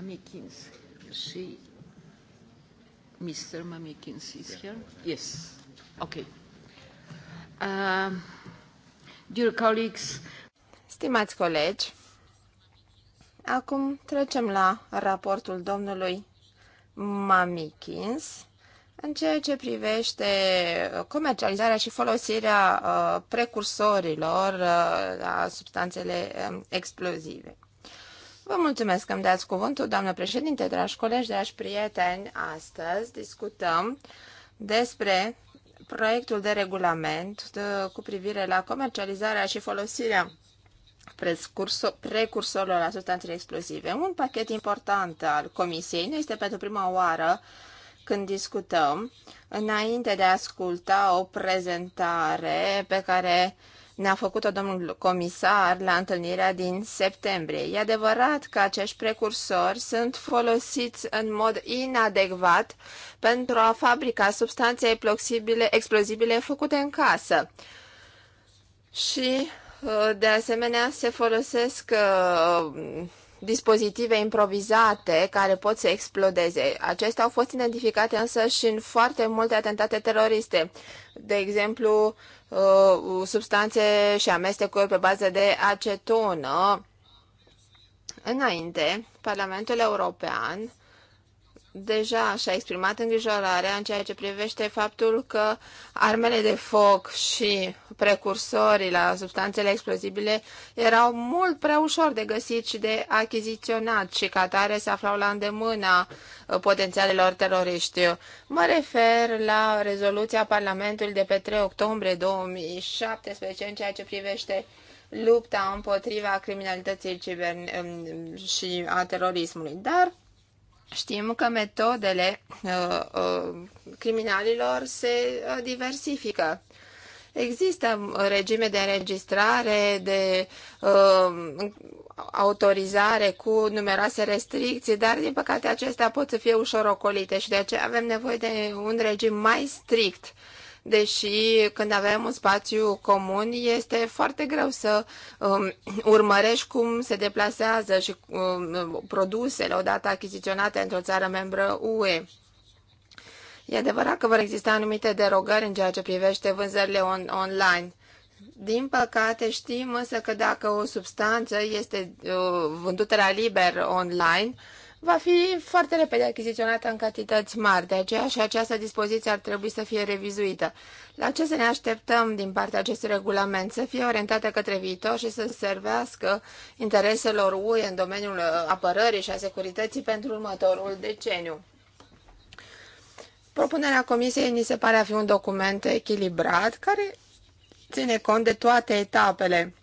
Mamikins. She, Mr. Mamikins is here? Yes. Okay. Uh, dear colleagues, Stimați colegi, acum trecem la raportul domnului Mamikins în ceea ce privește comercializarea și folosirea uh, precursorilor uh, a substanțele um, explozive. Vă mulțumesc că îmi dați cuvântul, doamnă președinte, dragi colegi, dragi prieteni. Astăzi discutăm despre proiectul de regulament de, uh, cu privire la comercializarea și folosirea precursorilor la substanțele explosive. Un pachet important al Comisiei nu este pentru prima oară când discutăm, înainte de a asculta o prezentare pe care ne-a făcut-o domnul comisar la întâlnirea din septembrie. E adevărat că acești precursori sunt folosiți în mod inadecvat pentru a fabrica substanțe explozibile, explozibile făcute în casă. Și, uh, de asemenea, se folosesc uh, dispozitive improvizate care pot să explodeze. Acestea au fost identificate însă și în foarte multe atentate teroriste. De exemplu, uh, substanțe și amestecuri pe bază de acetonă. Înainte, Parlamentul European deja și-a exprimat îngrijorarea în ceea ce privește faptul că armele de foc și precursorii la substanțele explozibile erau mult prea ușor de găsit și de achiziționat și ca tare se aflau la îndemâna uh, potențialilor teroriști. Mă refer la rezoluția Parlamentului de pe 3 octombrie 2017 în ceea ce privește lupta împotriva criminalității um, și a terorismului. Dar Știm că metodele uh, uh, criminalilor se uh, diversifică. Există um, regime de înregistrare, de uh, autorizare cu numeroase restricții, dar din păcate acestea pot să fie ușor ocolite și de aceea avem nevoie de un regim mai strict uh, deși când avem un spațiu comun este foarte greu să um, urmărești cum se deplasează și um, produsele odată achiziționate într-o țară membră UE. E adevărat că vor exista anumite derogări în ceea ce privește vânzările on- online. Din păcate știm însă că dacă o substanță este uh, vândută la liber online, uh, va fi foarte repede achiziționată în cantități mari, de aceea și această dispoziție ar trebui să fie revizuită. La ce să ne așteptăm din partea acestui regulament? Să fie orientată către viitor și să servească intereselor UE în domeniul uh, apărării și a securității pentru următorul deceniu. Propunerea Comisiei ni se pare a fi un document echilibrat care ține cont de toate etapele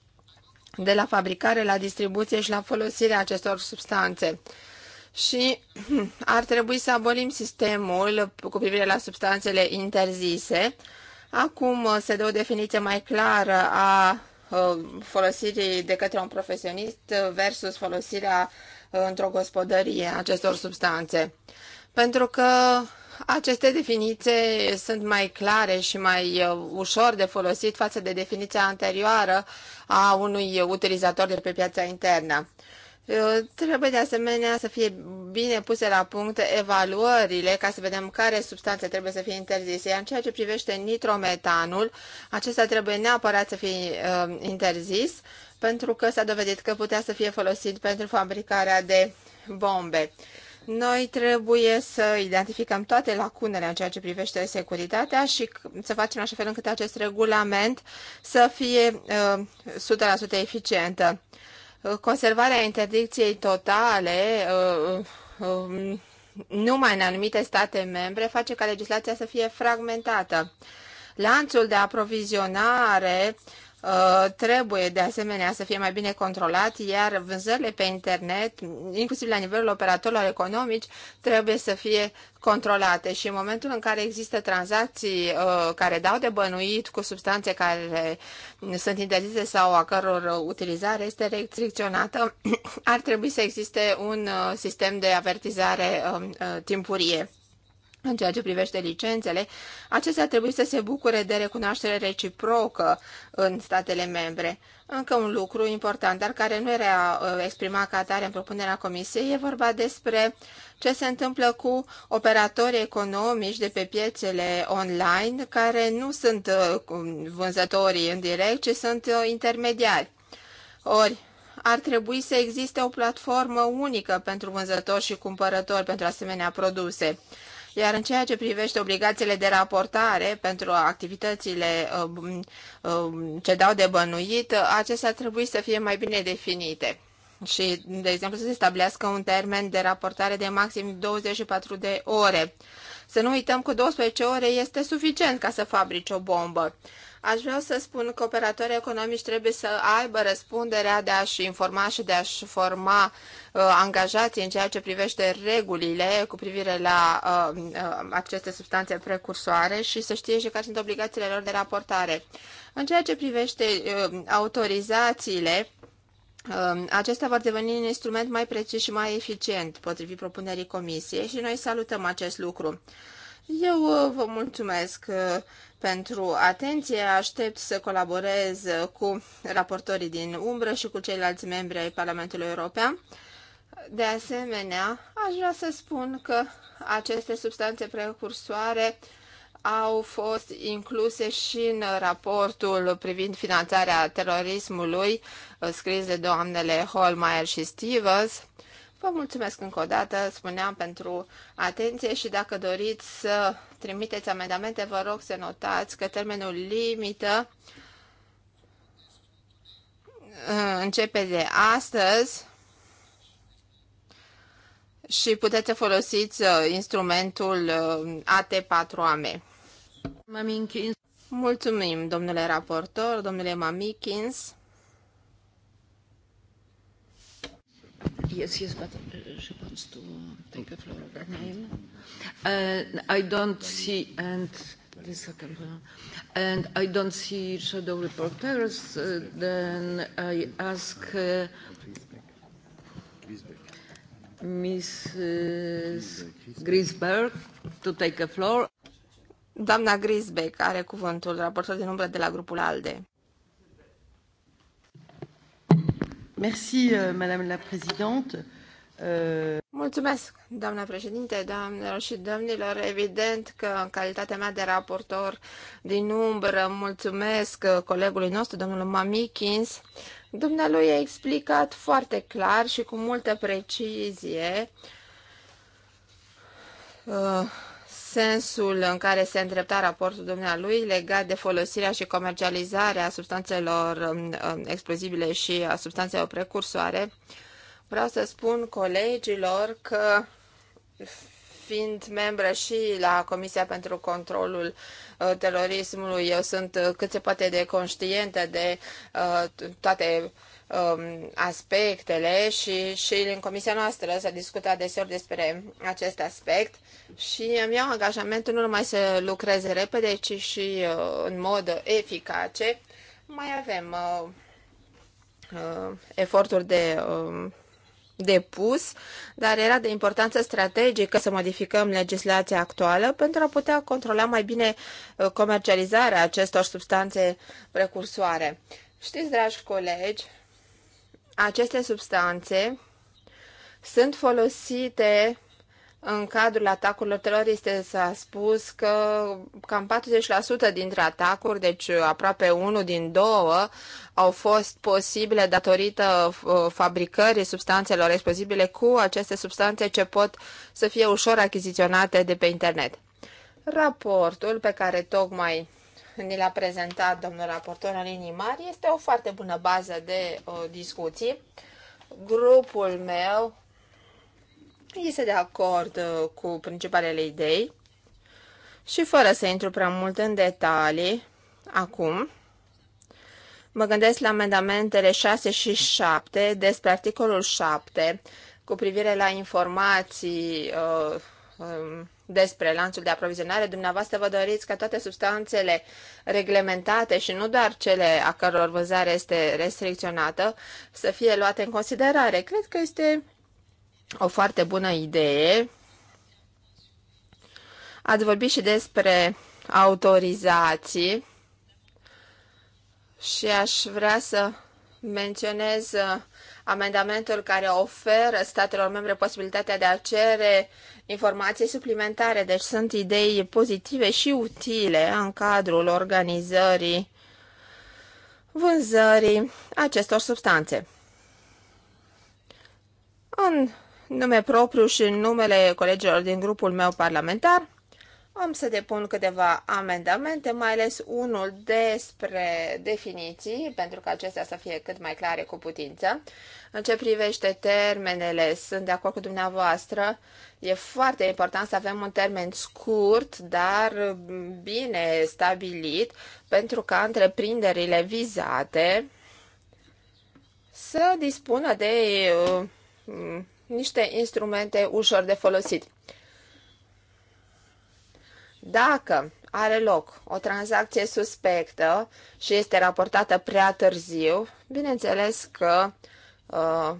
de la fabricare la distribuție și la folosirea acestor substanțe și hmm, ar trebui să abolim sistemul cu privire la substanțele interzise. Acum uh, se dă o definiție mai clară a uh, folosirii de către un profesionist versus folosirea uh, într-o gospodărie acestor substanțe. Pentru că aceste definiții sunt mai clare și mai ușor de folosit față de definiția anterioară a unui utilizator de pe piața internă. Trebuie de asemenea să fie bine puse la punct evaluările ca să vedem care substanțe trebuie să fie interzise. Iar în ceea ce privește nitrometanul, acesta trebuie neapărat să fie uh, interzis pentru că s-a dovedit că putea să fie folosit pentru fabricarea de bombe. Noi trebuie să identificăm toate lacunele în ceea ce privește securitatea și să facem așa fel încât acest regulament să fie uh, 100% eficientă conservarea interdicției totale uh, uh, um, numai în anumite state membre face ca legislația să fie fragmentată. Lanțul de aprovizionare uh, Uh, trebuie de asemenea să fie mai bine controlat, iar vânzările pe internet, inclusiv la nivelul operatorilor economici, trebuie să fie controlate și în momentul în care există tranzacții uh, care dau de bănuit cu substanțe care sunt interzise sau a căror utilizare este restricționată, ar trebui să existe un uh, sistem de avertizare um, uh, timpurie. În ceea ce privește licențele, acestea trebuie să se bucure de recunoaștere reciprocă în statele membre. Încă un lucru important, dar care nu era uh, exprimat ca atare în propunerea Comisiei, e vorba despre ce se întâmplă cu operatorii economici de pe piețele online, care nu sunt uh, vânzătorii în direct, ci sunt uh, intermediari. Ori, ar trebui să existe o platformă unică pentru vânzători și cumpărători pentru asemenea produse. Iar în ceea ce privește obligațiile de raportare pentru activitățile um, um, ce dau de bănuit, acestea trebuie să fie mai bine definite și, de exemplu, să se stabilească un termen de raportare de maxim 24 de ore. Să nu uităm că 12 ore este suficient ca să fabrici o bombă. Aș vrea să spun că operatorii economici trebuie să aibă răspunderea de a-și informa și de a-și forma uh, angajații în ceea ce privește regulile cu privire la uh, uh, aceste substanțe precursoare și să știe și care sunt obligațiile lor de raportare. În ceea ce privește uh, autorizațiile, um, acestea vor deveni un instrument mai precis și mai eficient, potrivit propunerii comisiei, și noi salutăm acest lucru. Eu uh, vă mulțumesc uh, pentru atenție, aștept să colaborez uh, cu raportorii din umbră și cu ceilalți membri ai Parlamentului European. De asemenea, aș vrea să spun că aceste substanțe precursoare au fost incluse și în raportul privind finanțarea terorismului scris de doamnele Holmeyer și Stevens, Vă mulțumesc încă o dată, spuneam, pentru atenție și dacă doriți să trimiteți amendamente, vă rog să notați că termenul limită uh, începe de astăzi și puteți să folosiți uh, instrumentul uh, AT4AM. Mulțumim, domnule raportor, domnule Mamikins. Yes, yes, but she wants to take a floor over Uh, I don't see, and the second one, and I don't see shadow reporters, uh, then I ask uh, Mrs. Grisberg to take a floor. Doamna Grisbeck are cuvântul, raportor din umbră de la grupul ALDE. Merci, euh, Madame la Présidente. Euh, mulțumesc, doamna președinte, doamnelor și domnilor. Evident că în calitatea mea de raportor din umbră mulțumesc colegului nostru, domnul Mamikins. Dumnealui a explicat foarte clar și cu multă precizie uh, sensul în care se îndrepta raportul dumnealui legat de folosirea și comercializarea substanțelor um, um, explozibile și a substanțelor precursoare, vreau să spun colegilor că fiind membră și la Comisia pentru Controlul uh, Terorismului, eu sunt cât se poate de conștientă de uh, toate um, aspectele și, și în comisia noastră s-a discutat deseori despre acest aspect și îmi iau angajamentul nu numai să lucrez repede, ci și uh, în mod eficace. Mai avem uh, uh, eforturi de uh, depus, dar era de importanță strategică să modificăm legislația actuală pentru a putea controla mai bine uh, comercializarea acestor substanțe precursoare. Știți, dragi colegi, aceste substanțe sunt folosite în cadrul atacurilor teroriste s-a spus că cam 40% dintre atacuri, deci aproape unul din două, au fost posibile datorită uh, fabricării substanțelor explozibile cu aceste substanțe ce pot să fie ușor achiziționate de pe internet. Raportul pe care tocmai ni l-a prezentat domnul raportor în linii mari este o foarte bună bază de uh, discuții. Grupul meu este de acord uh, cu principalele idei și fără să intru prea mult în detalii acum, mă gândesc la amendamentele 6 și 7 despre articolul 7 cu privire la informații uh, uh, despre lanțul de aprovizionare, dumneavoastră vă doriți ca toate substanțele reglementate și nu doar cele a căror vânzare este restricționată să fie luate în considerare. Cred că este o foarte bună idee. Ați vorbit și despre autorizații și aș vrea să menționez uh, amendamentul care oferă statelor membre posibilitatea de a cere informații suplimentare. Deci sunt idei pozitive și utile în cadrul organizării vânzării acestor substanțe. În nume propriu și în numele colegilor din grupul meu parlamentar, am să depun câteva amendamente, mai ales unul despre definiții, pentru că acestea să fie cât mai clare cu putință. În ce privește termenele, sunt de acord cu dumneavoastră, e foarte important să avem un termen scurt, dar bine stabilit, pentru ca întreprinderile vizate să dispună de uh, niște instrumente ușor de folosit. Dacă are loc o tranzacție suspectă și este raportată prea târziu, bineînțeles că uh,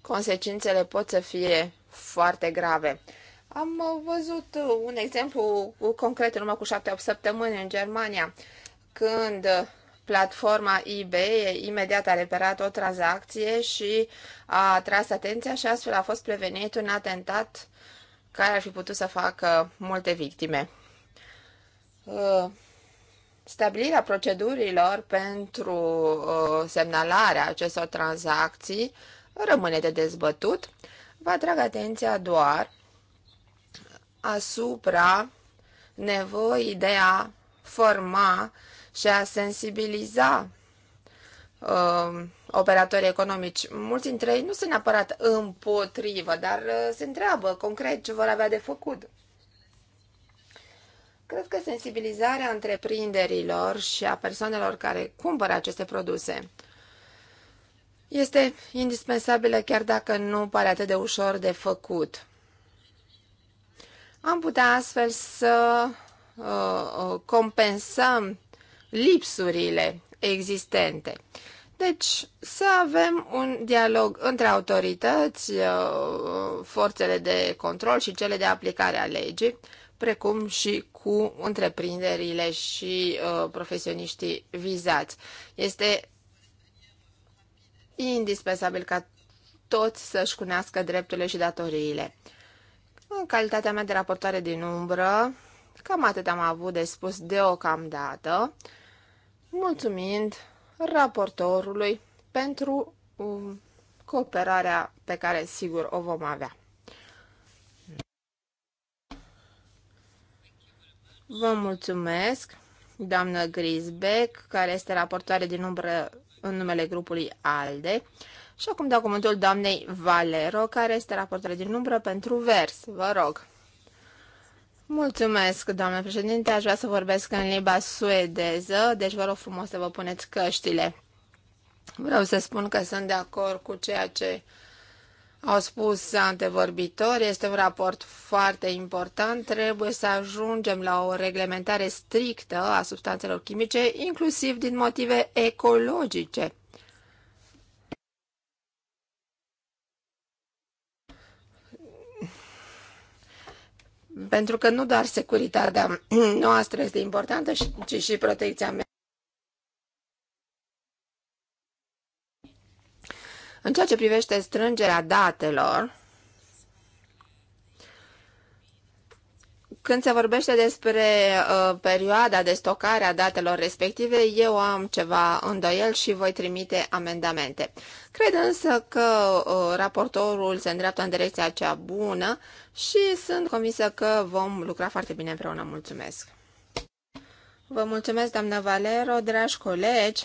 consecințele pot să fie foarte grave. Am văzut un exemplu concret în urmă cu șapte săptămâni în Germania, când platforma eBay imediat a reperat o tranzacție și a atras atenția și astfel a fost prevenit un atentat care ar fi putut să facă multe victime. Uh, stabilirea procedurilor pentru uh, semnalarea acestor tranzacții rămâne de dezbătut. Vă atrag atenția doar asupra nevoii de a forma și a sensibiliza uh, operatorii economici. Mulți dintre ei nu sunt neapărat împotrivă, dar uh, se întreabă concret ce vor avea de făcut. Cred că sensibilizarea întreprinderilor și a persoanelor care cumpără aceste produse este indispensabilă chiar dacă nu pare atât de ușor de făcut. Am putea astfel să Uh, uh, compensăm lipsurile existente. Deci să avem un dialog între autorități, uh, forțele de control și cele de aplicare a legii, precum și cu întreprinderile și uh, profesioniștii vizați. Este indispensabil ca toți să-și cunească drepturile și datoriile. În calitatea mea de raportoare din umbră, Cam atât am avut de spus deocamdată, mulțumind raportorului pentru um, cooperarea pe care sigur o vom avea. Vă mulțumesc, doamnă Grisbeck, care este raportoare din umbră în numele grupului ALDE. Și acum dau cuvântul doamnei Valero, care este raportoare din umbră pentru vers. Vă rog. Mulțumesc, doamnă președinte. Aș vrea să vorbesc în limba suedeză, deci vă rog frumos să vă puneți căștile. Vreau să spun că sunt de acord cu ceea ce au spus antevorbitori. Este un raport foarte important. Trebuie să ajungem la o reglementare strictă a substanțelor chimice, inclusiv din motive ecologice. pentru că nu doar securitatea noastră este importantă, ci și protecția mea. În ceea ce privește strângerea datelor, Când se vorbește despre uh, perioada de stocare a datelor respective, eu am ceva îndoiel și voi trimite amendamente. Cred însă că uh, raportorul se îndreaptă în direcția cea bună și sunt convinsă că vom lucra foarte bine împreună. Mulțumesc! Vă mulțumesc, doamnă Valero, dragi colegi!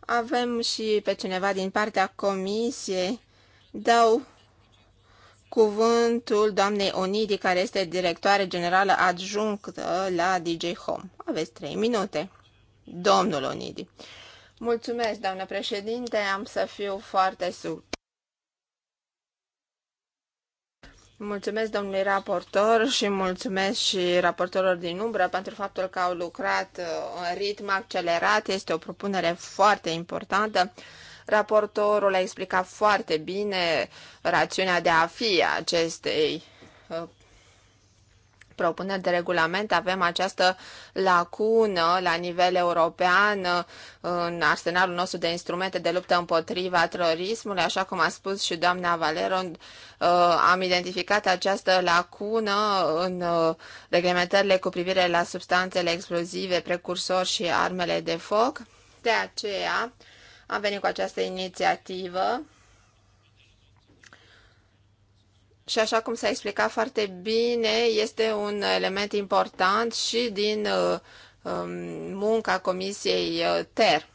Avem și pe cineva din partea comisiei. Dau cuvântul doamnei Onidi, care este directoare generală adjunctă la DJ Home. Aveți trei minute. Domnul Onidi. Mulțumesc, doamnă președinte, am să fiu foarte sub. Mulțumesc domnului raportor și mulțumesc și raportorilor din umbră pentru faptul că au lucrat uh, în ritm accelerat. Este o propunere foarte importantă Raportorul a explicat foarte bine rațiunea de a fi acestei uh, propuneri de regulament avem această lacună la nivel european uh, în arsenalul nostru de instrumente de luptă împotriva terorismului, așa cum a spus și doamna Valero, uh, am identificat această lacună în reglementările cu privire la substanțele explozive, precursori și armele de foc. De aceea, am venit cu această inițiativă și așa cum s-a explicat foarte bine, este un element important și din uh, um, munca Comisiei uh, TER.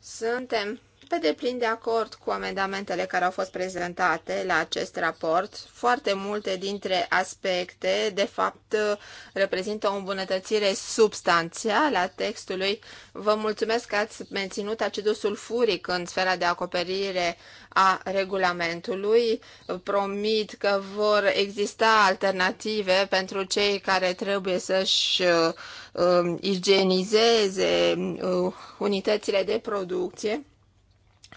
Suntem pe deplin de acord cu amendamentele care au fost prezentate la acest raport. Foarte multe dintre aspecte, de fapt, reprezintă o îmbunătățire substanțială a textului. Vă mulțumesc că ați menținut acidusul furic în sfera de acoperire a regulamentului. Promit că vor exista alternative pentru cei care trebuie să-și uh, igienizeze uh, unitățile de producție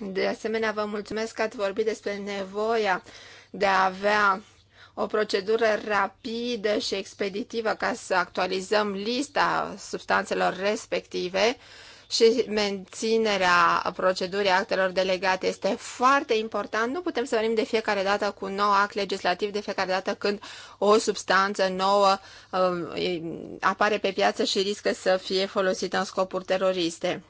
de asemenea, vă mulțumesc că ați vorbit despre nevoia de a avea o procedură rapidă și expeditivă ca să actualizăm lista substanțelor respective și menținerea procedurii actelor delegate este foarte important. Nu putem să venim de fiecare dată cu un nou act legislativ, de fiecare dată când o substanță nouă um, apare pe piață și riscă să fie folosită în scopuri teroriste.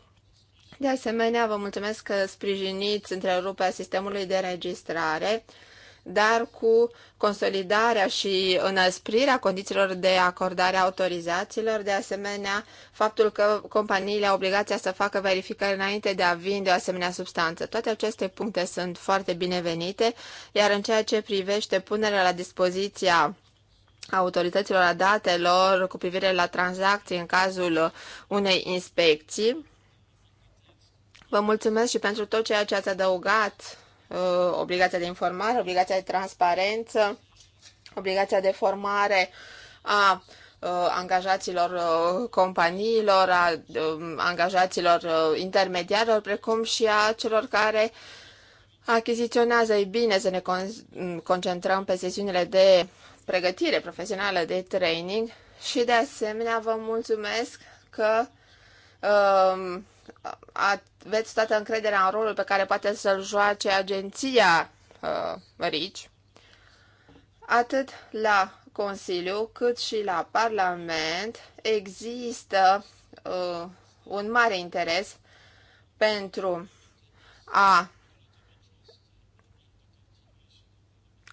De asemenea, vă mulțumesc că sprijiniți întrerupea sistemului de registrare, dar cu consolidarea și înăsprirea condițiilor de acordare a autorizațiilor, de asemenea, faptul că companiile au obligația să facă verificări înainte de a vinde o asemenea substanță. Toate aceste puncte sunt foarte binevenite, iar în ceea ce privește punerea la dispoziția autorităților a datelor cu privire la tranzacții în cazul unei inspecții, Vă mulțumesc și pentru tot ceea ce ați adăugat, uh, obligația de informare, obligația de transparență, obligația de formare a uh, angajaților uh, companiilor, a um, angajaților intermediarilor, precum și a celor care achiziționează. E bine să ne concentrăm pe sesiunile de pregătire profesională, de training și de asemenea vă mulțumesc că Um, aveți toată încrederea în rolul pe care poate să-l joace agenția uh, RICI, atât la Consiliu cât și la Parlament există uh, un mare interes pentru a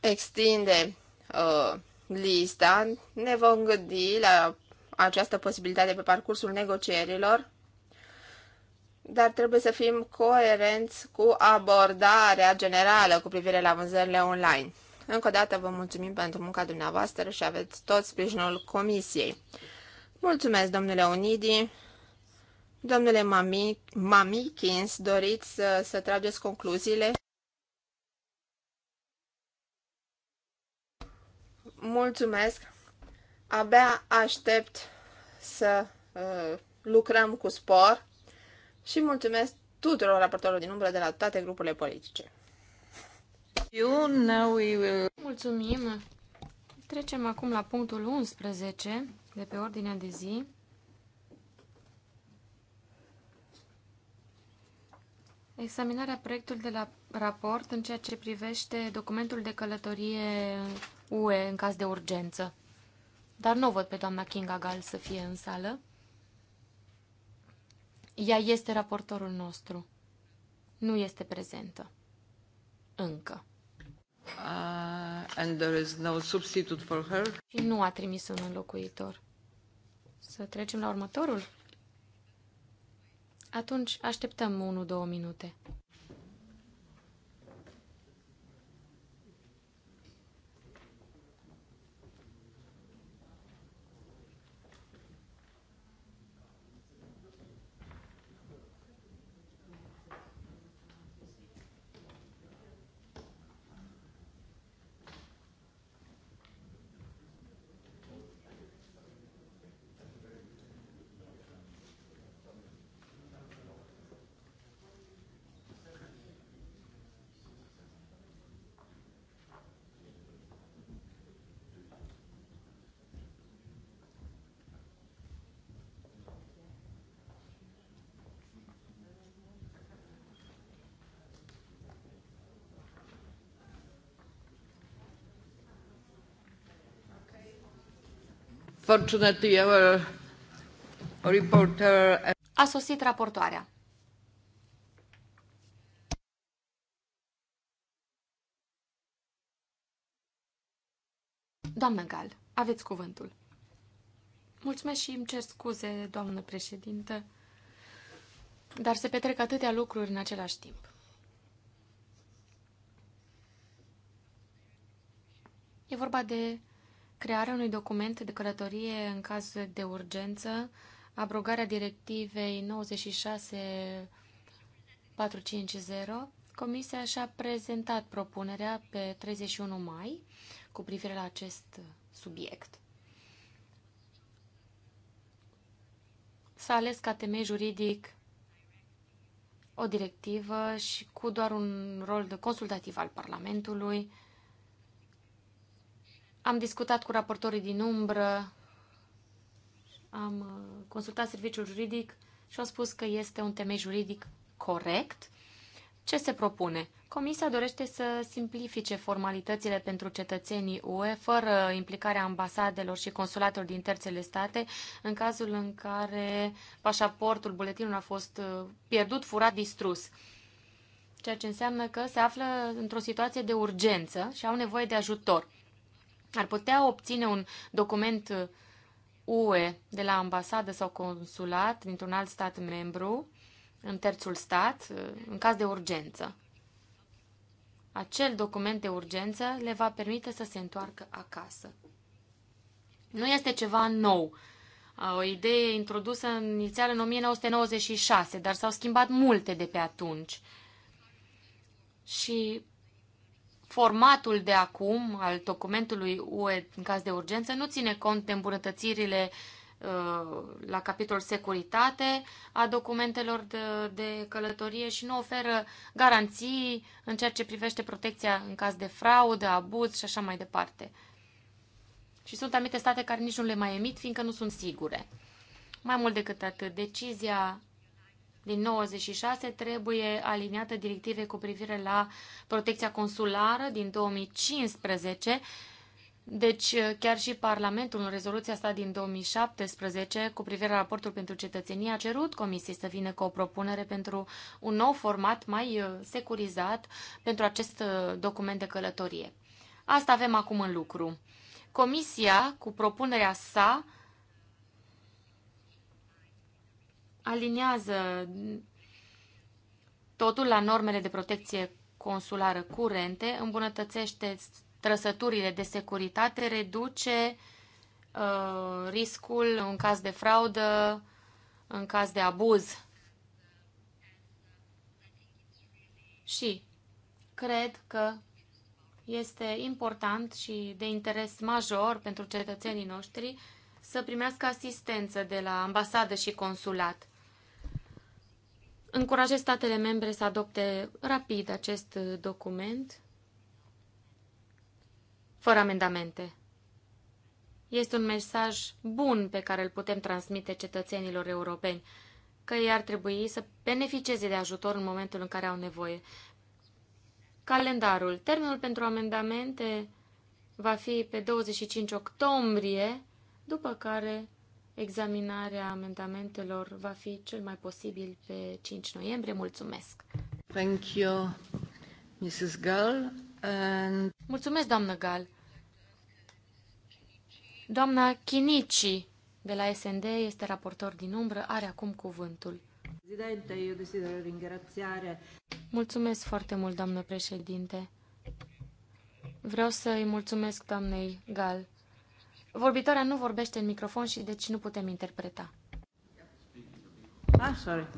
extinde uh, lista. Ne vom gândi la această posibilitate pe parcursul negocierilor dar trebuie să fim coerenți cu abordarea generală cu privire la vânzările online. Încă o dată vă mulțumim pentru munca dumneavoastră și aveți tot sprijinul comisiei. Mulțumesc, domnule Unidi. Domnule Mami, Mamikins, doriți să, să trageți concluziile? Mulțumesc. Abia aștept să uh, lucrăm cu spor și mulțumesc tuturor raportorilor din umbră de la toate grupurile politice. You know we will... Mulțumim! Trecem acum la punctul 11 de pe ordinea de zi. Examinarea proiectului de la raport în ceea ce privește documentul de călătorie UE în caz de urgență. Dar nu văd pe doamna Kinga Gal să fie în sală. Ea este raportorul nostru. Nu este prezentă. Încă. Uh, and there is no substitute for her. Și nu a trimis un înlocuitor. Să trecem la următorul? Atunci așteptăm 1-2 minute. A sosit raportoarea. Doamnă Gal, aveți cuvântul. Mulțumesc și îmi cer scuze, doamnă președintă, dar se petrec atâtea lucruri în același timp. E vorba de crearea unui document de călătorie în caz de urgență, abrogarea directivei 96450, Comisia și-a prezentat propunerea pe 31 mai cu privire la acest subiect. S-a ales ca temei juridic o directivă și cu doar un rol de consultativ al Parlamentului am discutat cu raportorii din umbră, am uh, consultat serviciul juridic și am spus că este un temei juridic corect. Ce se propune? Comisia dorește să simplifice formalitățile pentru cetățenii UE fără implicarea ambasadelor și consulatelor din terțele state în cazul în care pașaportul, buletinul a fost uh, pierdut, furat, distrus. Ceea ce înseamnă că se află într-o situație de urgență și au nevoie de ajutor ar putea obține un document UE uh, de la ambasadă sau consulat dintr-un alt stat membru în terțul stat uh, în caz de urgență. Acel document de urgență le va permite să se întoarcă acasă. Nu este ceva nou, uh, o idee introdusă inițial în 1996, dar s-au schimbat multe de pe atunci. Și formatul de acum al documentului UE în caz de urgență nu ține cont de îmbunătățirile uh, la capitolul securitate a documentelor de, de călătorie și nu oferă garanții în ceea ce privește protecția în caz de fraudă, abuz și așa mai departe. Și sunt anumite state care nici nu le mai emit, fiindcă nu sunt sigure. Mai mult decât atât, decizia din 96 trebuie aliniată directive cu privire la protecția consulară din 2015. Deci chiar și Parlamentul, în rezoluția sa din 2017 cu privire la raportul pentru cetățenie, a cerut Comisiei să vină cu o propunere pentru un nou format mai uh, securizat pentru acest uh, document de călătorie. Asta avem acum în lucru. Comisia, cu propunerea sa, aliniază totul la normele de protecție consulară curente, îmbunătățește trăsăturile de securitate, reduce uh, riscul în caz de fraudă, în caz de abuz. Și cred că este important și de interes major pentru cetățenii noștri să primească asistență de la ambasadă și consulat încurajez statele membre să adopte rapid acest uh, document, fără amendamente. Este un mesaj bun pe care îl putem transmite cetățenilor europeni, că ei ar trebui să beneficieze de ajutor în momentul în care au nevoie. Calendarul. Termenul pentru amendamente va fi pe 25 octombrie, după care Examinarea amendamentelor va fi cel mai posibil pe 5 noiembrie. Mulțumesc! Thank you, Mrs. Gall. And... Mulțumesc, doamnă Gall. Doamna Chinici de la SND este raportor din umbră, are acum cuvântul. Presidente, eu desidero ringraziare. Mulțumesc foarte mult, doamnă președinte. Vreau să îi mulțumesc doamnei Gal Vorbitoarea nu vorbește în microfon și deci nu putem interpreta. Ah, sorry.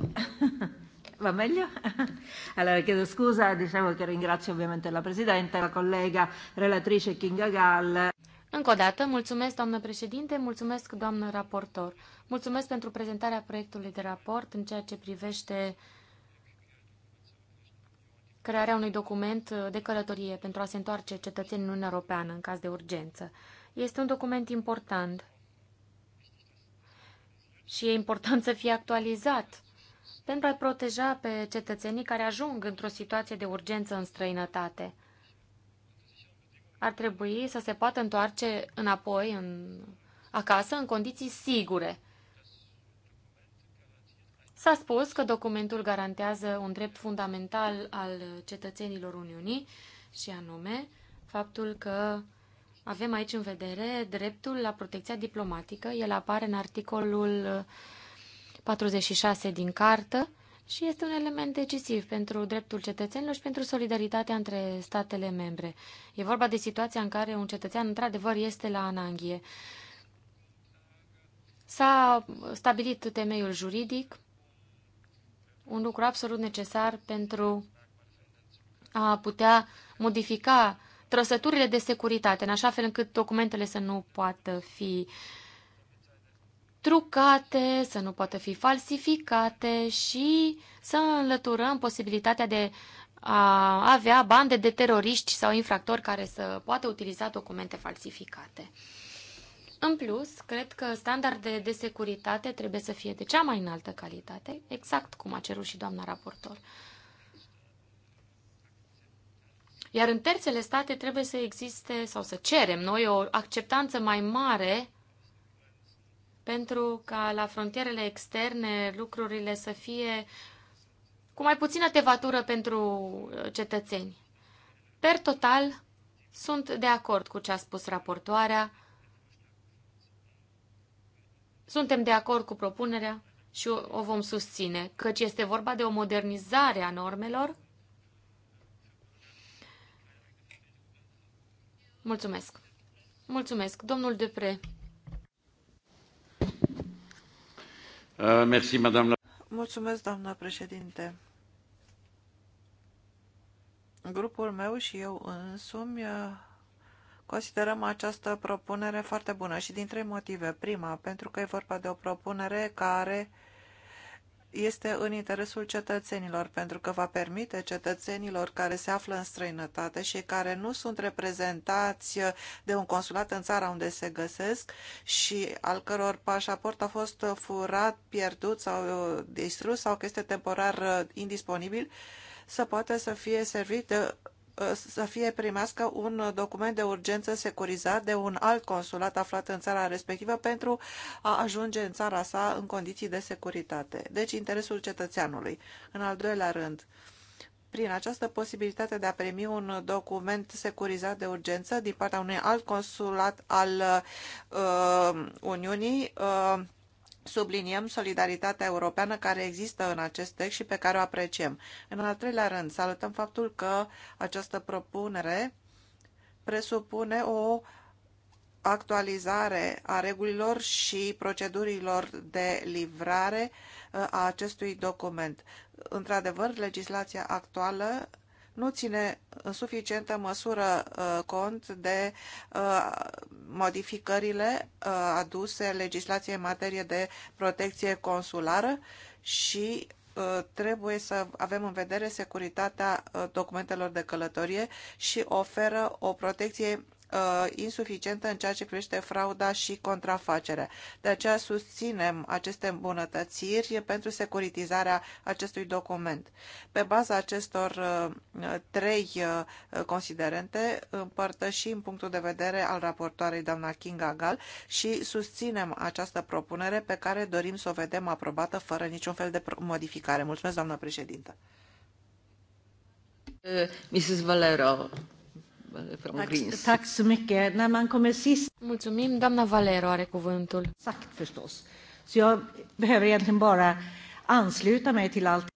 Va meglio? Allora chiedo scusa, diciamo che ringrazio ovviamente la Presidente, la collega relatrice Kinga Gall. Încă o dată, mulțumesc, doamnă președinte, mulțumesc, doamnă raportor. Mulțumesc pentru prezentarea proiectului de raport în ceea ce privește crearea unui document de călătorie pentru a se întoarce cetățenii în Uniunea Europeană în caz de urgență. Este un document important și e important să fie actualizat pentru a proteja pe cetățenii care ajung într-o situație de urgență în străinătate. Ar trebui să se poată întoarce înapoi în, acasă în condiții sigure. S-a spus că documentul garantează un drept fundamental al cetățenilor Uniunii și anume faptul că avem aici în vedere dreptul la protecția diplomatică. El apare în articolul 46 uh, din cartă și este un element decisiv pentru dreptul cetățenilor și pentru solidaritatea între statele membre. E vorba de situația în care un cetățean într-adevăr este la ananghie. S-a stabilit temeiul juridic, un lucru absolut necesar pentru a putea modifica trăsăturile de securitate, în așa fel încât documentele să nu poată fi trucate, să nu poată fi falsificate și să înlăturăm posibilitatea de a avea bande de teroriști sau infractori care să poată utiliza documente falsificate. În plus, cred că standardele de securitate trebuie să fie de cea mai înaltă calitate, exact cum a cerut și doamna raportor. Iar în terțele state trebuie să existe sau să cerem noi o acceptanță mai mare pentru ca la frontierele externe lucrurile să fie cu mai puțină tevatură pentru uh, cetățeni. Per total, sunt de acord cu ce a spus raportoarea. Suntem de acord cu propunerea și o vom susține, căci este vorba de o modernizare a normelor Mulțumesc. Mulțumesc. Domnul Depre. Uh, merci, madame. Mulțumesc, doamna președinte. Grupul meu și eu însumi uh, considerăm această propunere foarte bună și din trei motive. Prima, pentru că e vorba de o propunere care uh, este în interesul cetățenilor, pentru că va permite cetățenilor care se află în străinătate și care nu sunt reprezentați de un consulat în țara unde se găsesc și al căror pașaport a fost furat, pierdut sau uh, distrus sau că este temporar uh, indisponibil, să poată să fie servit de să fie primească un document de urgență securizat de un alt consulat aflat în țara respectivă pentru a ajunge în țara sa în condiții de securitate. Deci interesul cetățeanului. În al doilea rând, prin această posibilitate de a primi un document securizat de urgență din partea unui alt consulat al uh, Uniunii, uh, Subliniem solidaritatea europeană care există în acest text și pe care o apreciem. În al treilea rând, salutăm faptul că această propunere presupune o actualizare a regulilor și procedurilor de livrare uh, a acestui document. Într-adevăr, legislația actuală nu ține în uh, suficientă măsură uh, cont de uh, modificările aduse legislației în materie de protecție consulară și trebuie să avem în vedere securitatea documentelor de călătorie și oferă o protecție uh, insuficientă în ceea ce privește frauda și contrafacerea. De aceea susținem aceste îmbunătățiri pentru securitizarea acestui document. Pe baza acestor uh, trei uh, considerente, împărtășim punctul de vedere al raportoarei doamna Kinga Gal și susținem această propunere pe care dorim să o vedem aprobată fără niciun fel de modificare. Mulțumesc, doamnă președintă. Uh, Mrs. Valero. Mulțumim. Doamna Valero are cuvântul. Sagt förstås. Så jag behöver egentligen bara ansluta mig till allt.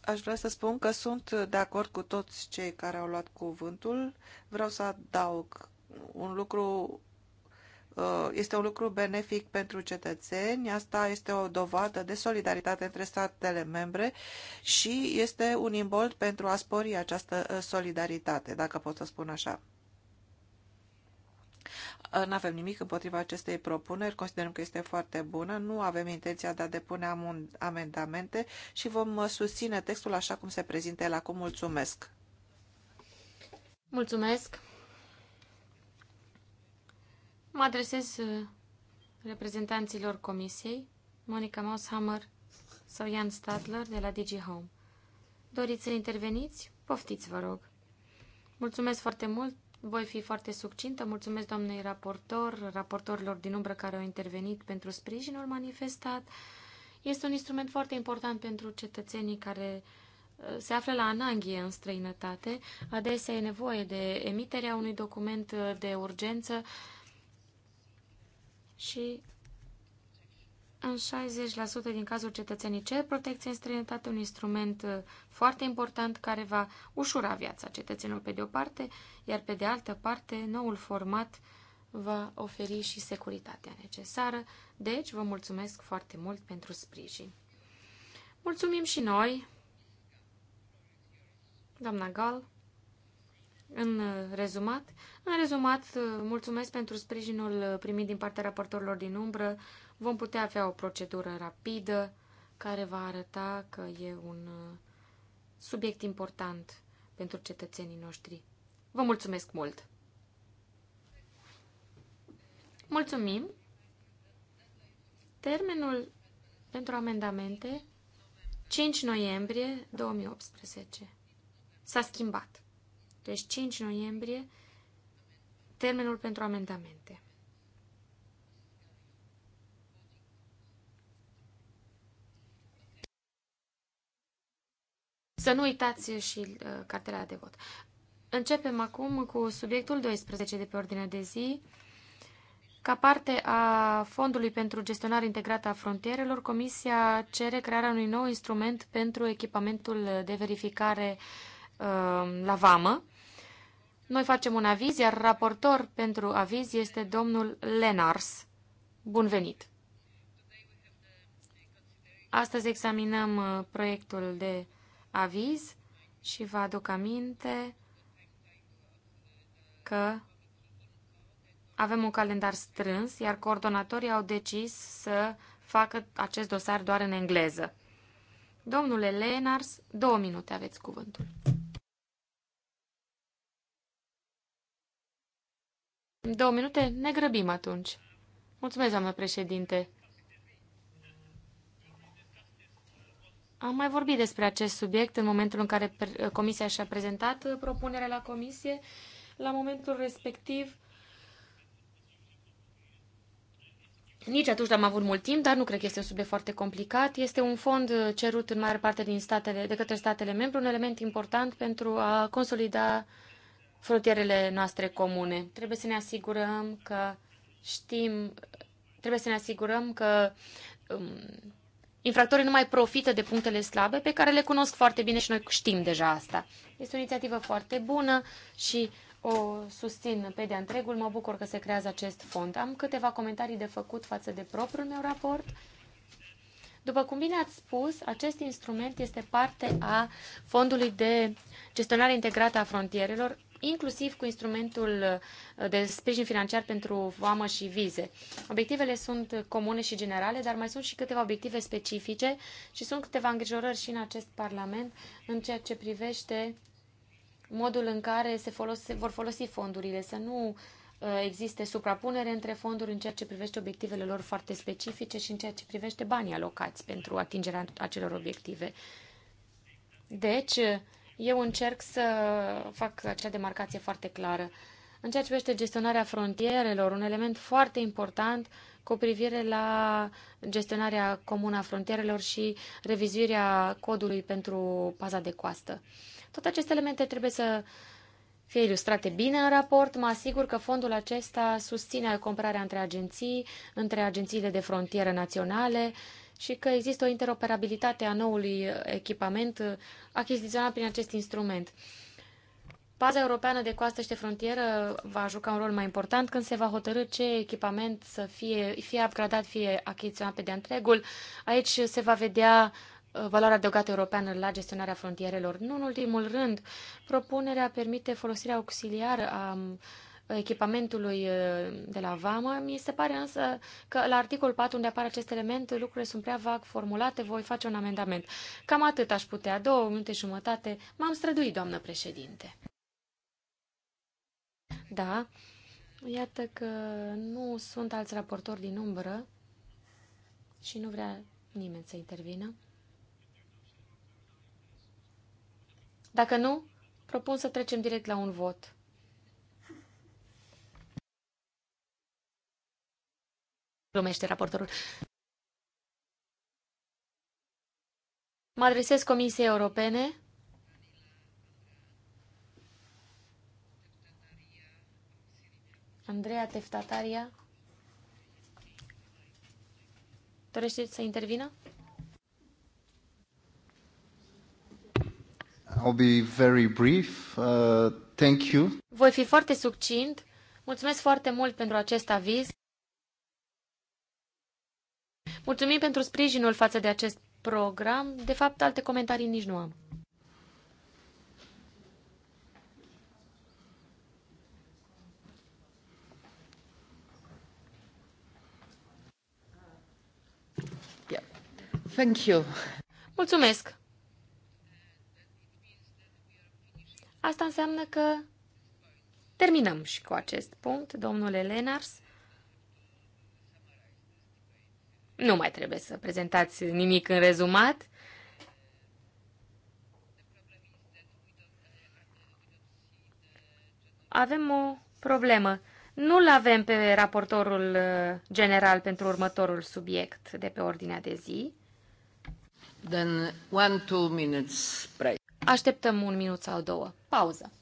Aș vrea să spun că sunt de acord cu toți cei care au luat cuvântul. Vreau să adaug un lucru Uh, este un lucru benefic pentru cetățeni, asta este o dovadă de solidaritate între statele membre și este un imbold pentru a spori această uh, solidaritate, dacă pot să spun așa. Uh, nu avem nimic împotriva acestei propuneri, considerăm că este foarte bună, nu avem intenția de a depune amendamente și vom susține textul așa cum se prezinte el acum. Mulțumesc! Mulțumesc! Mă adresez uh, reprezentanților comisiei, Monica Moshammer sau Ian Stadler de la Digi Home. Doriți să interveniți? Poftiți, vă rog. Mulțumesc foarte mult, voi fi foarte succintă. Mulțumesc doamnei raportor, raportorilor din umbră care au intervenit pentru sprijinul manifestat. Este un instrument foarte important pentru cetățenii care uh, se află la ananghie în străinătate. Adesea e nevoie de emiterea unui document uh, de urgență și în 60% din cazul cetățenii cer protecție în străinătate, un instrument uh, foarte important care va ușura viața cetățenilor pe de o parte, iar pe de altă parte, noul format va oferi și securitatea necesară. Deci, vă mulțumesc foarte mult pentru sprijin. Mulțumim și noi, doamna Gal în rezumat, în rezumat, mulțumesc pentru sprijinul primit din partea raportorilor din umbră. Vom putea avea o procedură rapidă care va arăta că e un subiect important pentru cetățenii noștri. Vă mulțumesc mult! Mulțumim! Termenul pentru amendamente 5 noiembrie 2018. S-a schimbat. Deci 5 noiembrie, termenul pentru amendamente. Să nu uitați și uh, cartela de vot. Începem acum cu subiectul 12 de pe ordinea de zi. Ca parte a Fondului pentru Gestionare Integrată a Frontierelor, Comisia cere crearea unui nou instrument pentru echipamentul de verificare uh, la vamă. Noi facem un aviz, iar raportor pentru aviz este domnul Lenars. Bun venit! Astăzi examinăm uh, proiectul de aviz și vă aduc aminte că avem un calendar strâns, iar coordonatorii au decis să facă acest dosar doar în engleză. Domnule Lenars, două minute aveți cuvântul. Două minute? Ne grăbim atunci. Mulțumesc, doamnă președinte. Am mai vorbit despre acest subiect în momentul în care Comisia și-a prezentat uh, propunerea la Comisie. La momentul respectiv, Nici atunci n-am avut mult timp, dar nu cred că este un subiect foarte complicat. Este un fond uh, cerut în mare parte din statele, de către statele membre, un element important pentru a consolida frontierele noastre comune. Trebuie să ne asigurăm că știm, trebuie să ne asigurăm că um, infractorii nu mai profită de punctele slabe pe care le cunosc foarte bine și noi știm deja asta. Este o inițiativă foarte bună și o susțin pe de întregul. Mă bucur că se creează acest fond. Am câteva comentarii de făcut față de propriul meu raport. După cum bine ați spus, acest instrument este parte a Fondului de Gestionare Integrată a Frontierelor, inclusiv cu instrumentul uh, de sprijin financiar pentru vamă și vize. Obiectivele sunt comune și generale, dar mai sunt și câteva obiective specifice și sunt câteva îngrijorări și în acest Parlament în ceea ce privește modul în care se folose, vor folosi fondurile, să nu uh, existe suprapunere între fonduri în ceea ce privește obiectivele lor foarte specifice și în ceea ce privește banii alocați pentru atingerea acelor obiective. Deci, eu încerc să fac acea demarcație foarte clară. În ceea ce privește gestionarea frontierelor, un element foarte important cu privire la gestionarea comună a frontierelor și revizuirea codului pentru paza de coastă. Toate aceste elemente trebuie să fie ilustrate bine în raport. Mă asigur că fondul acesta susține cooperarea între agenții, între agențiile de frontieră naționale și că există o interoperabilitate a noului echipament uh, achiziționat prin acest instrument. Paza Europeană de Coastă și de Frontieră va juca un rol mai important când se va hotărâ ce echipament să fie, fie upgradat, fie achiziționat pe de întregul. Aici se va vedea uh, valoarea adăugată europeană la gestionarea frontierelor. Nu în ultimul rând, propunerea permite folosirea auxiliară a echipamentului uh, de la vamă. Mi se pare însă că la articolul 4 unde apare acest element lucrurile sunt prea vag formulate, voi face un amendament. Cam atât aș putea, două minute jumătate. M-am străduit, doamnă președinte. Da, iată că nu sunt alți raportori din umbră și nu vrea nimeni să intervină. Dacă nu, propun să trecem direct la un vot. glumește raportorul. Mă adresez Comisiei Europene. Andreea Teftataria. Dorește să intervină? I'll be very brief. Uh, thank you. Voi fi foarte succint. Mulțumesc foarte mult pentru acest aviz. Mulțumim pentru sprijinul față de acest program. De fapt, alte comentarii nici nu am. Thank you. Mulțumesc. Asta înseamnă că terminăm și cu acest punct, domnule Lenars. Nu mai trebuie să prezentați nimic în rezumat. Avem o problemă. Nu-l avem pe raportorul uh, general pentru următorul subiect de pe ordinea de zi. Then one, two minutes break. Așteptăm un minut sau două. Pauză.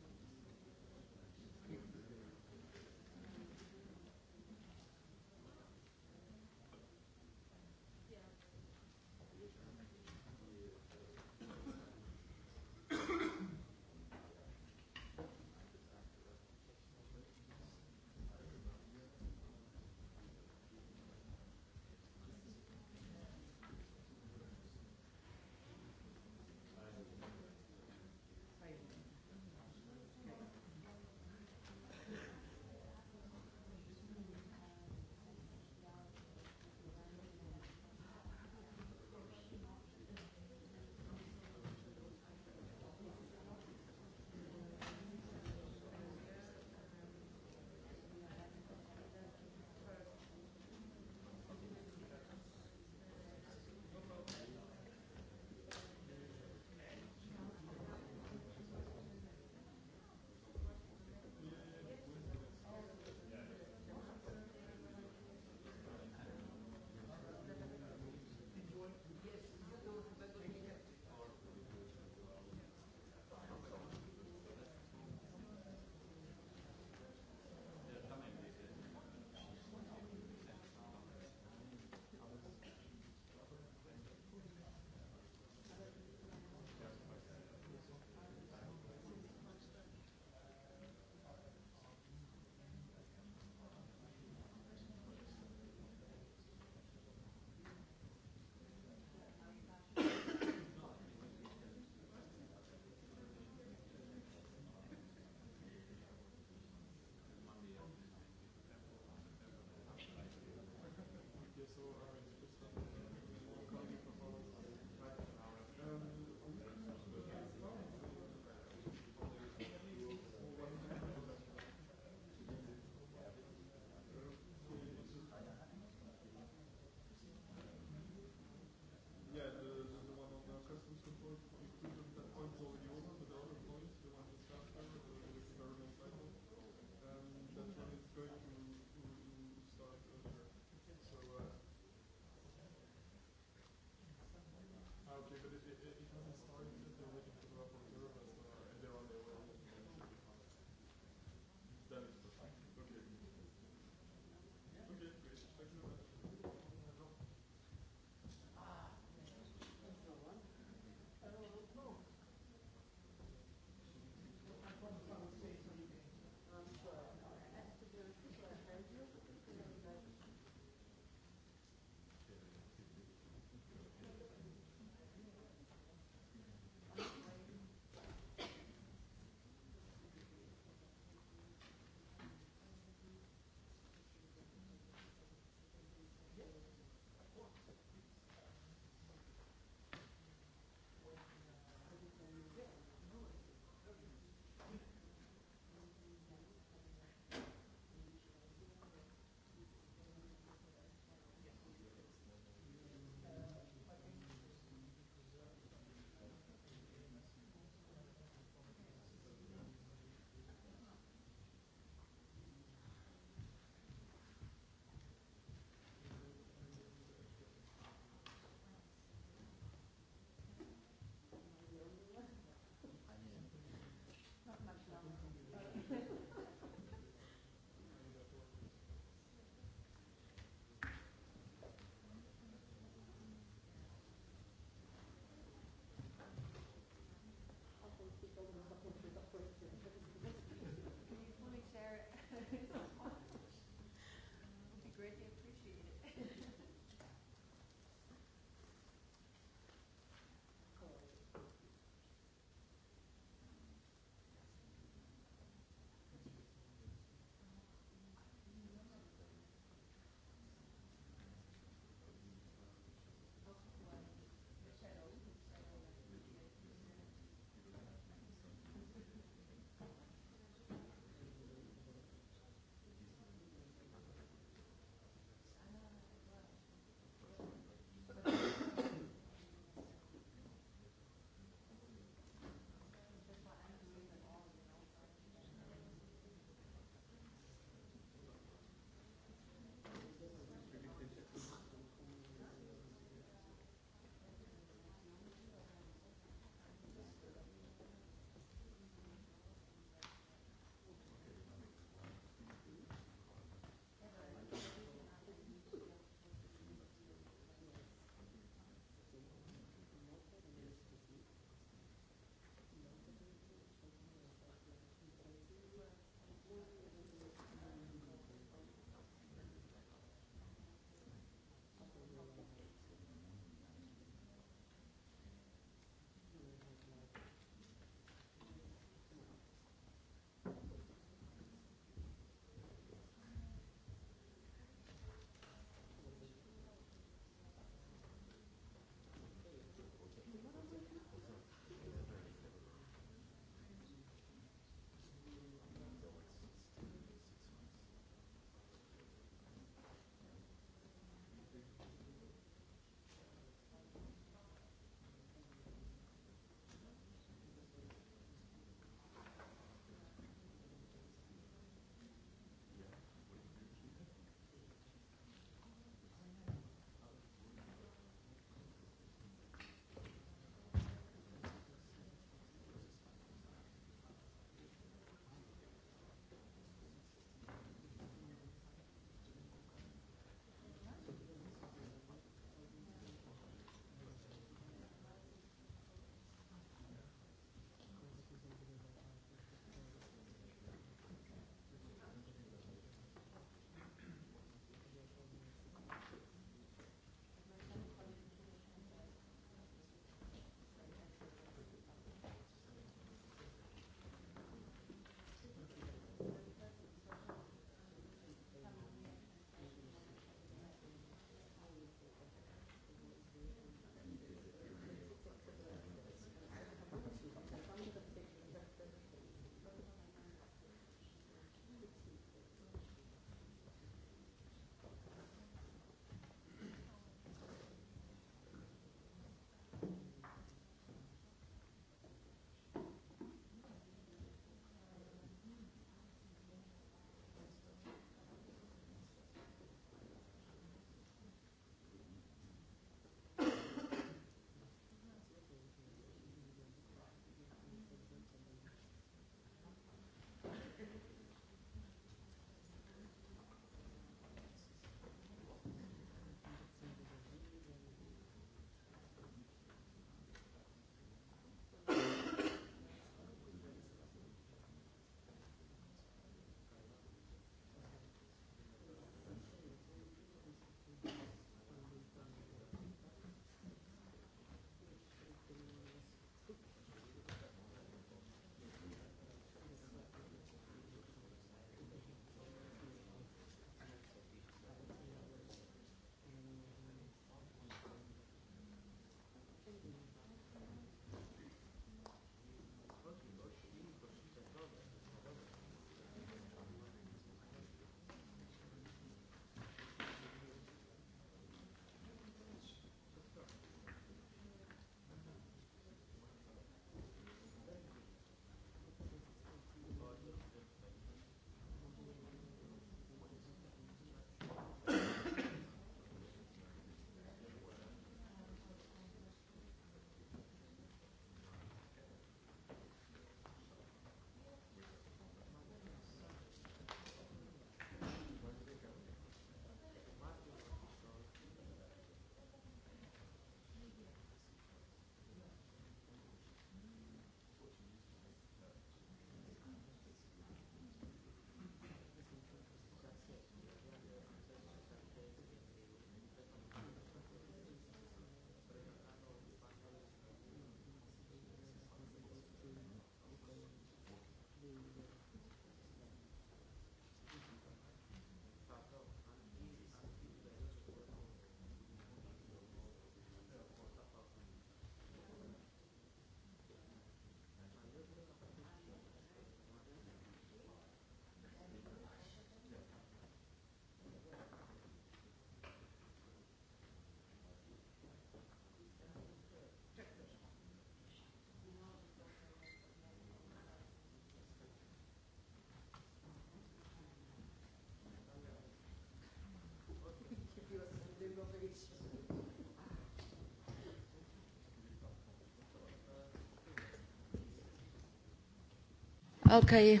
Dragi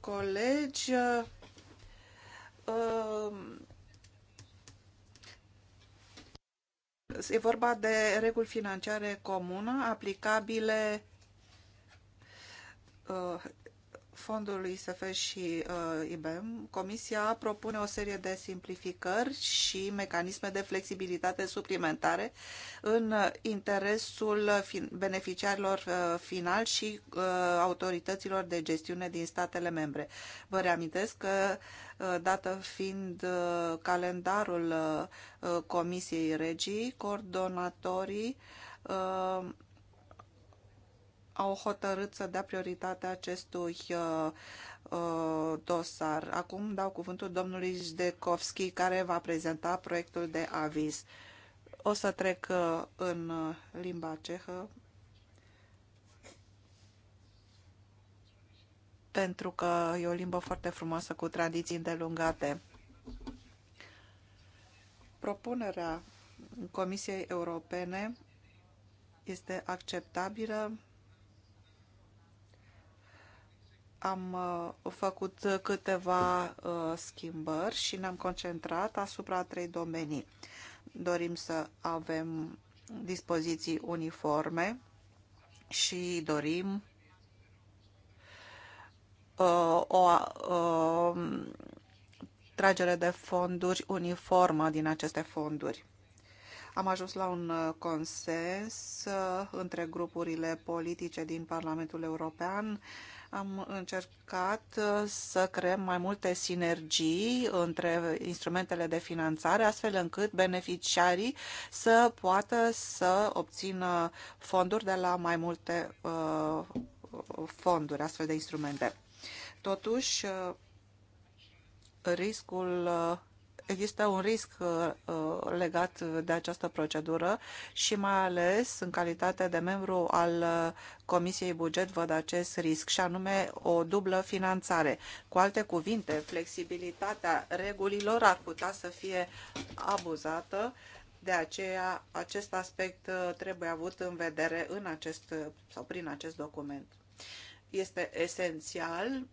colegi, e vorba de reguli financiare comună aplicabile uh, fondului SF și uh, IBM, Comisia propune o serie de simplificări și mecanisme de flexibilitate suplimentare în interesul beneficiarilor uh, final și uh, autorităților de gestiune din statele membre. Vă reamintesc că, uh, dată fiind uh, calendarul uh, Comisiei Regii, coordonatorii au hotărât să dea prioritate acestui uh, uh, dosar. Acum dau cuvântul domnului Jdekovski, care va prezenta proiectul de aviz. O să trec uh, în limba cehă, pentru că e o limbă foarte frumoasă cu tradiții îndelungate. Propunerea Comisiei Europene este acceptabilă am uh, făcut câteva uh, schimbări și ne-am concentrat asupra trei domenii. Dorim să avem dispoziții uniforme și dorim uh, o tragere de fonduri uniformă din aceste fonduri. Am ajuns la un consens între grupurile politice din Parlamentul European am încercat uh, să creăm mai multe sinergii între instrumentele de finanțare, astfel încât beneficiarii să poată să obțină fonduri de la mai multe uh, fonduri, astfel de instrumente. Totuși, uh, riscul există un risc uh, uh, legat de această procedură și mai ales în calitate de membru al uh, Comisiei Buget văd acest risc și anume o dublă finanțare. Cu alte cuvinte, flexibilitatea regulilor ar putea să fie abuzată de aceea, acest aspect trebuie avut în vedere în acest, sau prin acest document. Este esențial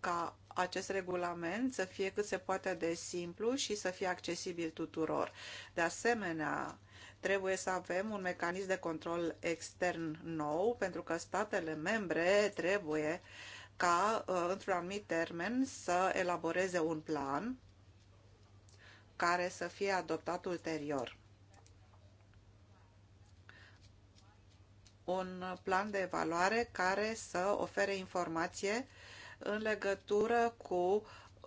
ca acest regulament să fie cât se poate de simplu și să fie accesibil tuturor. De asemenea, trebuie să avem un mecanism de control extern nou, pentru că statele membre trebuie ca, uh, într-un anumit termen, să elaboreze un plan care să fie adoptat ulterior. Un plan de evaluare care să ofere informație în legătură cu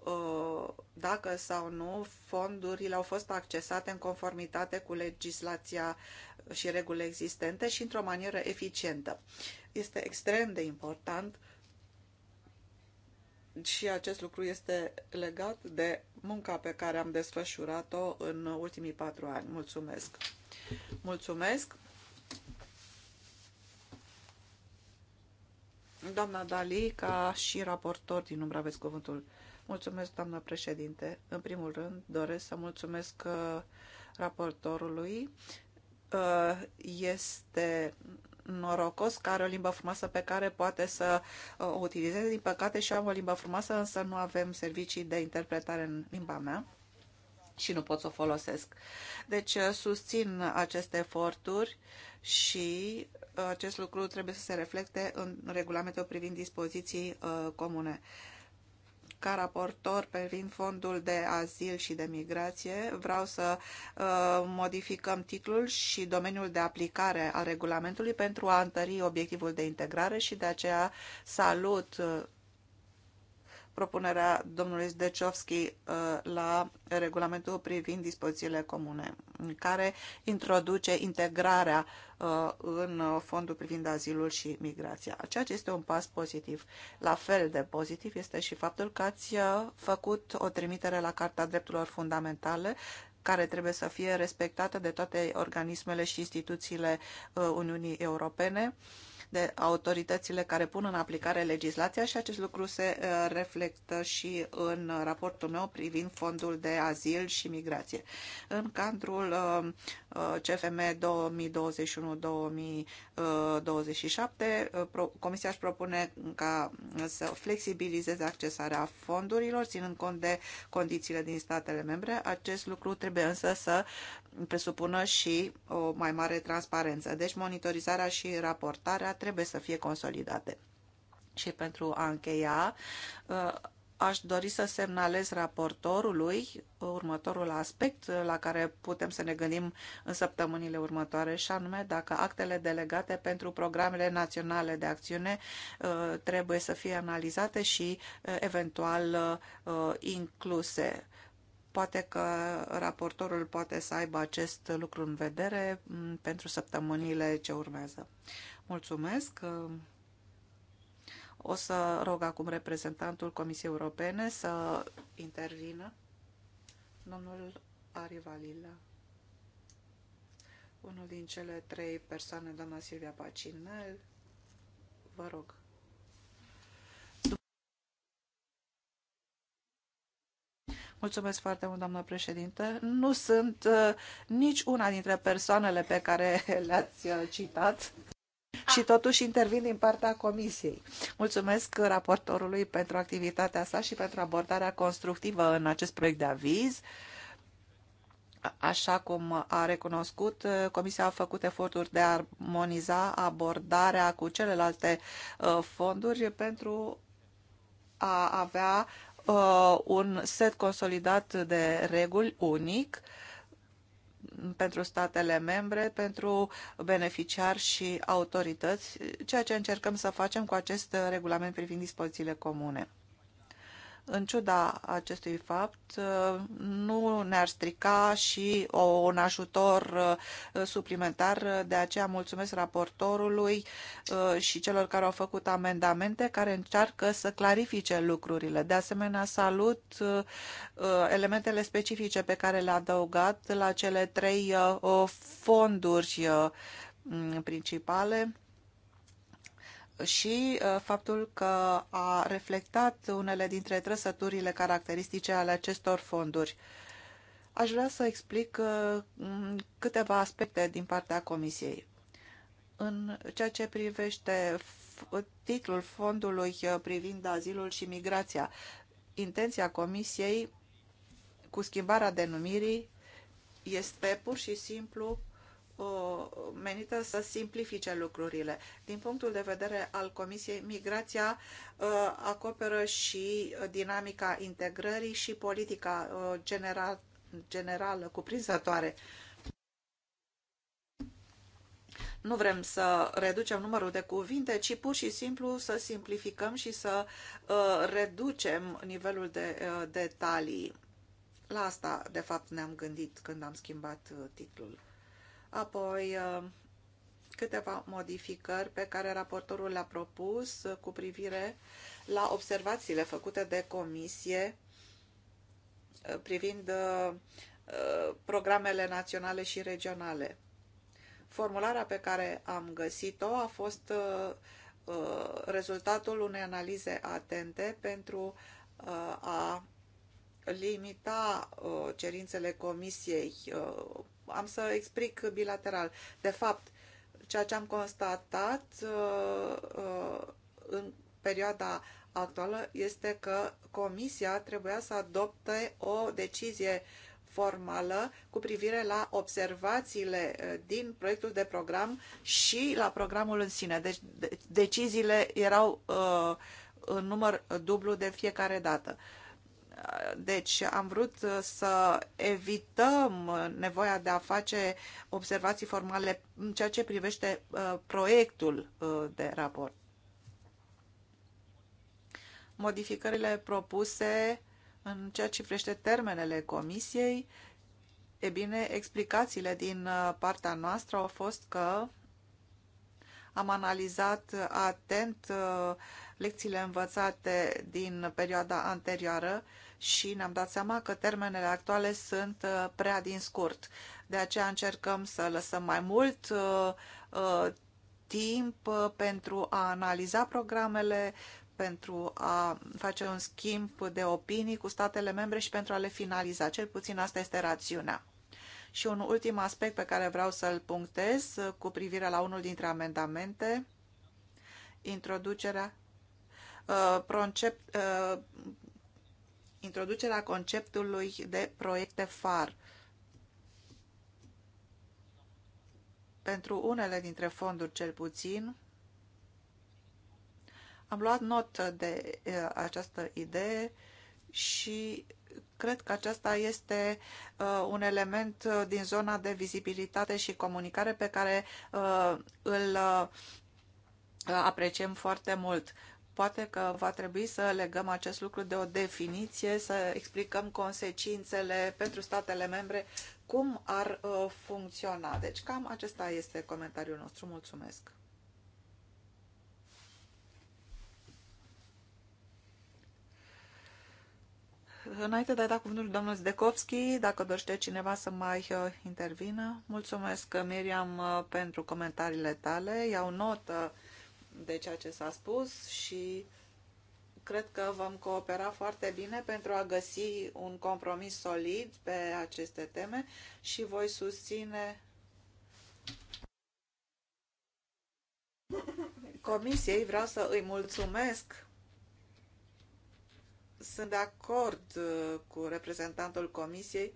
uh, dacă sau nu fondurile au fost accesate în conformitate cu legislația și regulile existente și într-o manieră eficientă. Este extrem de important și acest lucru este legat de munca pe care am desfășurat-o în ultimii patru ani. Mulțumesc! Mulțumesc! Doamna Dali, ca și raportor din umbra, aveți cuvântul. Mulțumesc, doamna președinte. În primul rând, doresc să mulțumesc uh, raportorului. Uh, este norocos că are o limbă frumoasă pe care poate să uh, o utilizeze. Din păcate și am o limbă frumoasă, însă nu avem servicii de interpretare în limba mea și nu pot să o folosesc. Deci uh, susțin aceste eforturi și uh, acest lucru trebuie să se reflecte în regulamentul privind dispoziții uh, comune. Ca raportor privind fondul de azil și de migrație, vreau să modificăm titlul și domeniul de aplicare al regulamentului pentru a întări obiectivul de integrare și de aceea salut propunerea domnului Zdeciovski uh, la regulamentul privind dispozițiile comune, care introduce integrarea uh, în fondul privind azilul și migrația, ceea ce este un pas pozitiv. La fel de pozitiv este și faptul că ați uh, făcut o trimitere la Carta Drepturilor Fundamentale, care trebuie să fie respectată de toate organismele și instituțiile Uniunii Europene, uh, de autoritățile care pun în aplicare legislația și acest lucru se uh, reflectă și în raportul meu privind fondul de azil și migrație. În cadrul uh, uh, CFM 2021-2027, Comisia își propune ca să flexibilizeze accesarea fondurilor, ținând cont de condițiile din statele membre. Acest lucru trebuie însă să presupună și o mai mare transparență. Deci monitorizarea și raportarea trebuie să fie consolidate. Și pentru a încheia, uh, aș dori să semnalez raportorului următorul aspect la care putem să ne gândim în săptămânile următoare și anume dacă actele delegate pentru programele naționale de acțiune uh, trebuie să fie analizate și uh, eventual incluse Poate că raportorul poate să aibă acest lucru în vedere mm, pentru săptămânile ce urmează. Mulțumesc! O să rog acum reprezentantul Comisiei Europene să intervină. Domnul Arivalila, unul din cele trei persoane, doamna Silvia Pacinel, vă rog. Mulțumesc foarte mult, doamnă președinte. Nu sunt uh, nici una dintre persoanele pe care le-ați uh, citat și totuși intervin din partea comisiei. Mulțumesc raportorului pentru activitatea sa și pentru abordarea constructivă în acest proiect de aviz. Așa cum a recunoscut, uh, Comisia a făcut eforturi de a armoniza abordarea cu celelalte uh, fonduri pentru a avea uh, un set consolidat de reguli unic pentru statele membre, pentru beneficiari și autorități, ceea ce încercăm să facem cu acest regulament privind dispozițiile comune. În ciuda acestui fapt, nu ne-ar strica și o, un ajutor uh, suplimentar, de aceea mulțumesc raportorului uh, și celor care au făcut amendamente care încearcă să clarifice lucrurile. De asemenea, salut uh, elementele specifice pe care le-a adăugat la cele trei fonduri principale și uh, faptul că a reflectat unele dintre trăsăturile caracteristice ale acestor fonduri. Aș vrea să explic uh, câteva aspecte din partea Comisiei. În ceea ce privește titlul fondului uh, privind azilul și migrația, intenția Comisiei cu schimbarea denumirii este pur și simplu menită să simplifice lucrurile. Din punctul de vedere al Comisiei, migrația ă, acoperă și dinamica integrării și politica ă, general, generală cuprinzătoare. Nu vrem să reducem numărul de cuvinte, ci pur și simplu să simplificăm și să ă, reducem nivelul de detalii. La asta, de fapt, ne-am gândit când am schimbat titlul. Apoi, uh, câteva modificări pe care raportorul le-a propus uh, cu privire la observațiile făcute de comisie uh, privind programele naționale și regionale. Formularea pe care am găsit-o a fost rezultatul unei analize atente pentru a limita cerințele comisiei am să explic bilateral. De fapt, ceea ce am constatat uh, uh, în perioada actuală este că Comisia trebuia să adopte o decizie formală cu privire la observațiile uh, din proiectul de program și la programul în sine. Deci deciziile erau în număr dublu de fiecare dată. Uh, deci am vrut uh, să evităm uh, nevoia de a face observații formale în ceea ce privește uh, proiectul de raport. Modificările propuse în ceea ce privește termenele comisiei, e bine, explicațiile din partea noastră au fost că am analizat atent lecțiile învățate din perioada anterioară și ne-am dat seama că termenele actuale sunt uh, prea din scurt. De aceea încercăm să lăsăm mai mult uh, uh, timp pentru a analiza programele, pentru a face un schimb de opinii cu statele membre și pentru a le finaliza. Cel puțin asta este rațiunea. Și un ultim aspect pe care vreau să-l punctez cu privire la unul dintre amendamente, introducerea uh, concept, uh, introducerea conceptului de proiecte FAR. Pentru unele dintre fonduri, cel puțin, am luat notă de uh, această idee și cred că aceasta este uh, un element uh, din zona de vizibilitate și comunicare pe care uh, îl uh, apreciem foarte mult. Poate că va trebui să legăm acest lucru de o definiție, să explicăm consecințele pentru statele membre, cum ar uh, funcționa. Deci cam acesta este comentariul nostru. Mulțumesc! Înainte de a da cuvântul domnului Zdekovski, dacă dorește cineva să mai uh, intervină, mulțumesc, Miriam, uh, pentru comentariile tale. Iau notă de ceea ce s-a spus și cred că vom coopera foarte bine pentru a găsi un compromis solid pe aceste teme și voi susține Comisiei, vreau să îi mulțumesc. Sunt de acord uh, cu reprezentantul Comisiei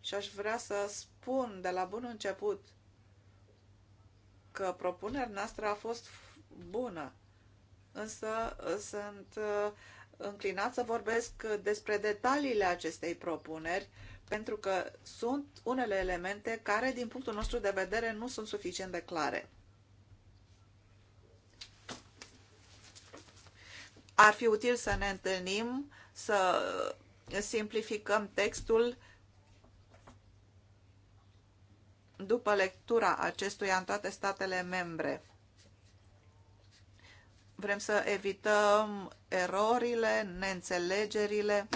și aș vrea să spun de la bun început că propunerea noastră a fost bună, însă uh, sunt uh, înclinat să vorbesc despre detaliile acestei propuneri, pentru că sunt unele elemente care, din punctul nostru de vedere, nu sunt suficient de clare. Ar fi util să ne întâlnim, să simplificăm textul după lectura acestuia în toate statele membre Vrem să evităm erorile, neînțelegerile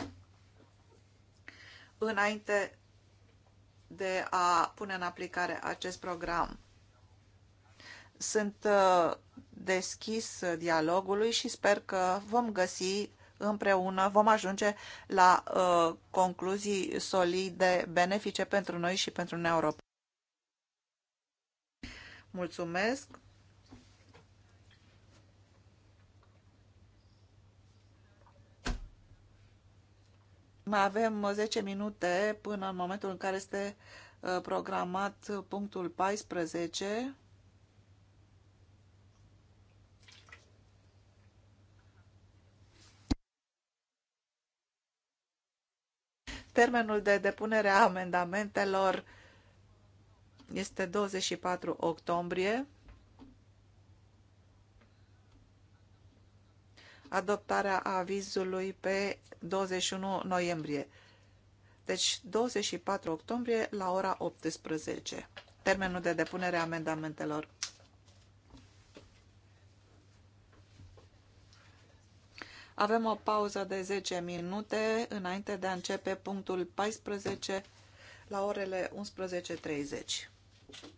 înainte de a pune în aplicare acest program. Sunt uh, deschis dialogului și sper că vom găsi împreună, vom ajunge la uh, concluzii solide, benefice pentru noi și pentru Uniunea Europeană. Mulțumesc! Mai avem 10 uh, minute până în momentul în care este uh, programat punctul 14. Termenul de depunere a amendamentelor este 24 octombrie. adoptarea avizului pe 21 noiembrie. Deci 24 octombrie la ora 18. Termenul de depunere a amendamentelor. Avem o pauză de 10 minute înainte de a începe punctul 14 la orele 11.30.